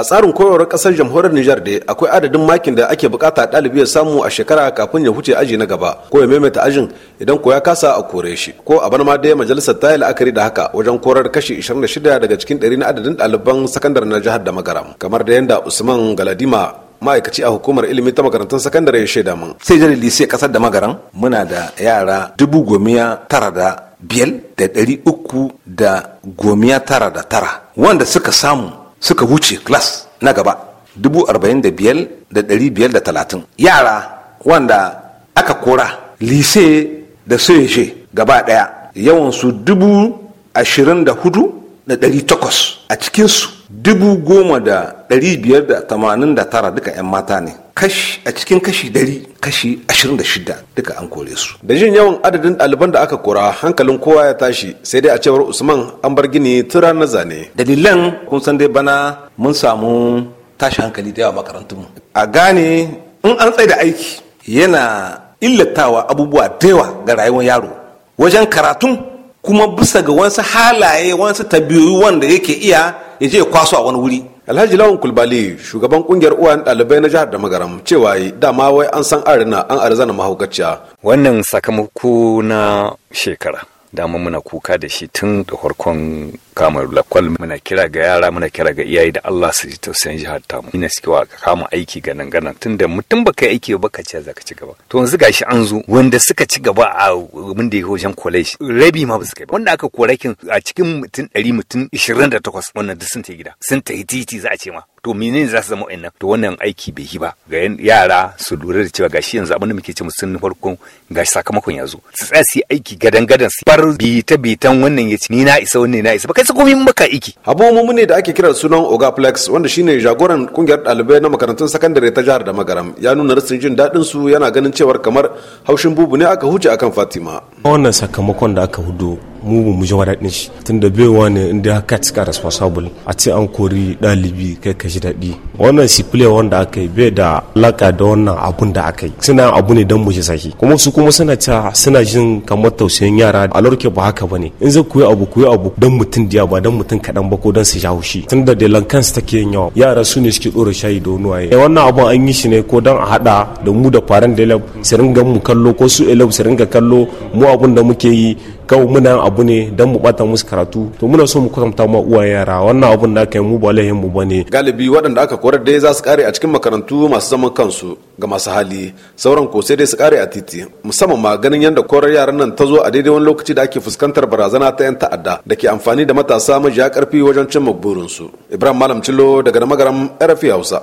a tsarin koyarwar kasar jamhuriyar Nijar dai akwai adadin makin da ake bukata ɗalibi ya samu a shekara kafin ya huce aji na gaba ko ya maimaita ajin idan ko ya kasa a kore shi ko a bana ma dai majalisar ta yi la'akari da haka wajen korar kashi 26 daga cikin 100 na adadin ɗaliban sakandare na jihar da magaram kamar da yanda Usman Galadima ma'aikaci a hukumar ilimi ta makarantar sakandare ya shaida mun sai jaridi sai kasar da magaran muna da yara dubu gomiya tara da biyar da ɗari uku da gomiya tara da tara wanda suka samu suka wuce class na gaba dubu talatin yara wanda aka kora lise da soyaje gaba ɗaya yawansu dubu ashirin da hudu da takwas a cikinsu dubu goma da ɗari biyar da tamanin da tara duka 'yan mata ne a cikin kashi dari kashi ashirin da shida duka an kore su da jin yawan adadin ɗaliban da aka kora hankalin kowa ya tashi sai dai a cewar usman an bar gini tura na zane dalilan kun san dai bana mun samu tashi hankali da yawa makarantunmu a gane in an tsaye da aiki yana illatawa abubuwa da yawa ga rayuwar yaro wajen karatun kuma bisa ga wasu halaye wasu tabiyoyi wanda yake iya ya je kwaso a wani wuri alhaji lawan kulbali shugaban kungiyar uwan ɗalibai na jihar da magaram cewa dama wai an san arina an arzana mahaukaciya wannan sakamako na shekara dama muna kuka da shi tun da farkon kamar lakwal muna kira ga yara muna kira ga iyaye da Allah su ji tausayin jihar tamu ina suke wa kama aiki ganan ganan tun da mutum baka yi aiki ba ka ce za ka ci gaba to yanzu gashi an zo wanda suka ci gaba a mun da yake wajen college rabi ma ba su kai ba wanda aka korakin a cikin mutum 100 mutum 28 wannan duk sun ta gida sun ta titi za a ce ma to menene za su zama wa'annan to wannan aiki bai yi ba ga yara su lura da cewa gashi yanzu abin da muke ce farko farko gashi sakamakon ya zo su tsaya su yi aiki gadan gadan su bar bita bitan wannan ya ce ni na isa wannan na isa ba kai su komi maka aiki abu mu ne da ake kiran sunan oga ogaplex wanda shine jagoran kungiyar dalibai na makarantun sakandare ta jihar da magaram ya nuna rasin jin daɗin su yana ganin cewar kamar haushin bubu ne aka huce akan fatima wannan sakamakon da aka hudu mu ba mu ji daɗin shi tunda baiwa ne inda ka cika responsible a ce an kori dalibi kai ka ji daɗi wannan si play wanda aka yi bai da alaka da wannan abun da aka yi suna abu ne dan mu ji sahi kuma su kuma suna ta suna jin kamar tausayin yara a lorke ba haka bane in zai koyi abu koyi abu dan mutun diya ba dan mutum kaɗan ba ko dan su ja haushi tunda da lankan su take yin yawa yara su ne suke dora shayi da wani eh, wannan abun an yi shi ne ko dan a haɗa da mu da faran da lab su ringa mu kallo ko su elab su ringa kallo mu abun da muke yi kawai muna abu ne dan mu bata musu karatu to muna so mu kwatanta ma uwa yara wannan abun da aka yi mu ba lahin mu bane galibi waɗanda aka korar dai za su kare a cikin makarantu masu zaman kansu ga masu hali sauran ko sai dai su kare a titi musamman ma ganin yadda korar yaran nan ta zo a daidai wani lokaci da ake fuskantar barazana ta yan ta'adda da ke amfani da matasa majiya karfi wajen cimma burinsu ibrahim malam cillo daga magaram rfi hausa